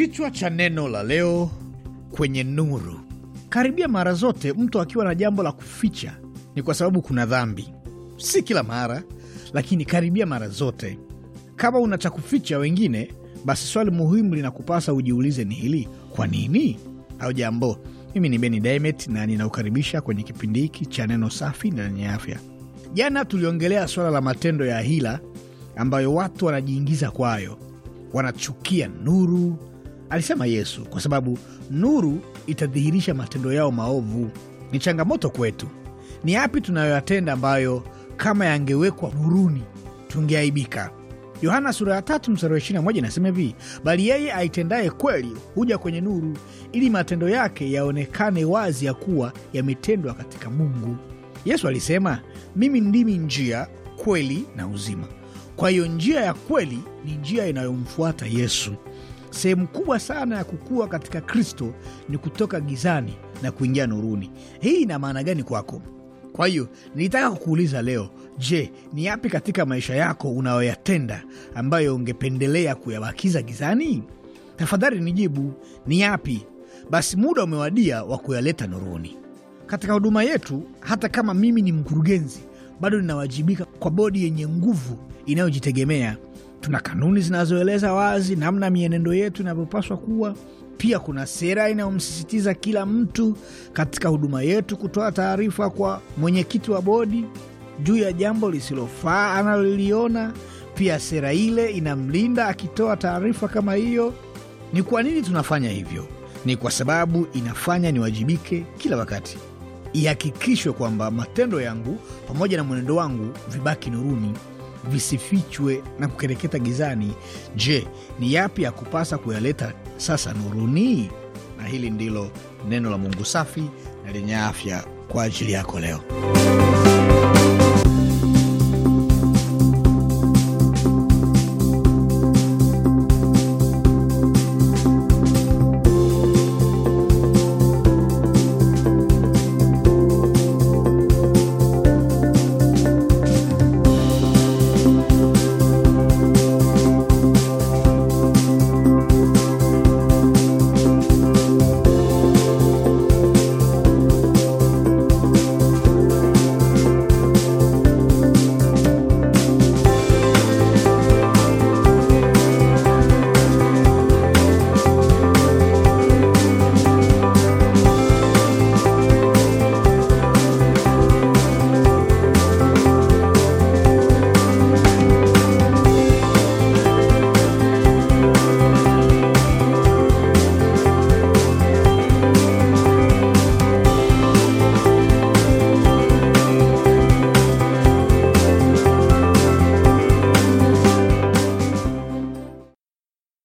Kichwa cha neno la leo: kwenye nuru. Karibia mara zote mtu akiwa na jambo la kuficha ni kwa sababu kuna dhambi. Si kila mara, lakini karibia mara zote. Kama una cha kuficha wengine, basi swali muhimu linakupasa ujiulize ni hili: kwa nini? au jambo. Mimi ni Beni Dimet na ninaukaribisha kwenye kipindi hiki cha neno safi na lenye afya. Jana tuliongelea swala la matendo ya hila ambayo watu wanajiingiza kwayo, wanachukia nuru alisema Yesu, kwa sababu nuru itadhihirisha matendo yao maovu. Ni changamoto kwetu, ni yapi tunayoyatenda ambayo kama yangewekwa nuruni tungeaibika? Yohana sura ya tatu mstari wa moja inasema hivi, bali yeye aitendaye kweli huja kwenye nuru, ili matendo yake yaonekane wazi ya kuwa yametendwa katika Mungu. Yesu alisema, mimi ndimi njia, kweli na uzima. Kwa hiyo njia ya kweli ni njia inayomfuata Yesu. Sehemu kubwa sana ya kukua katika Kristo ni kutoka gizani na kuingia nuruni. Hii ina maana gani kwako? Kwa hiyo nilitaka kukuuliza leo, je, ni yapi katika maisha yako unayoyatenda ambayo ungependelea kuyabakiza gizani? Tafadhali nijibu, ni yapi? Basi muda umewadia wa kuyaleta nuruni. Katika huduma yetu, hata kama mimi ni mkurugenzi, bado ninawajibika kwa bodi yenye nguvu inayojitegemea tuna kanuni zinazoeleza wazi namna mienendo yetu inavyopaswa kuwa. Pia kuna sera inayomsisitiza kila mtu katika huduma yetu kutoa taarifa kwa mwenyekiti wa bodi juu ya jambo lisilofaa analoliona. Pia sera ile inamlinda akitoa taarifa kama hiyo. Ni kwa nini tunafanya hivyo? Ni kwa sababu inafanya niwajibike kila wakati, ihakikishwe kwamba matendo yangu pamoja na mwenendo wangu vibaki nuruni visifichwe na kukereketa gizani. Je, ni yapi ya kupasa kuyaleta sasa nuruni? Na hili ndilo neno la Mungu safi na lenye afya kwa ajili yako leo.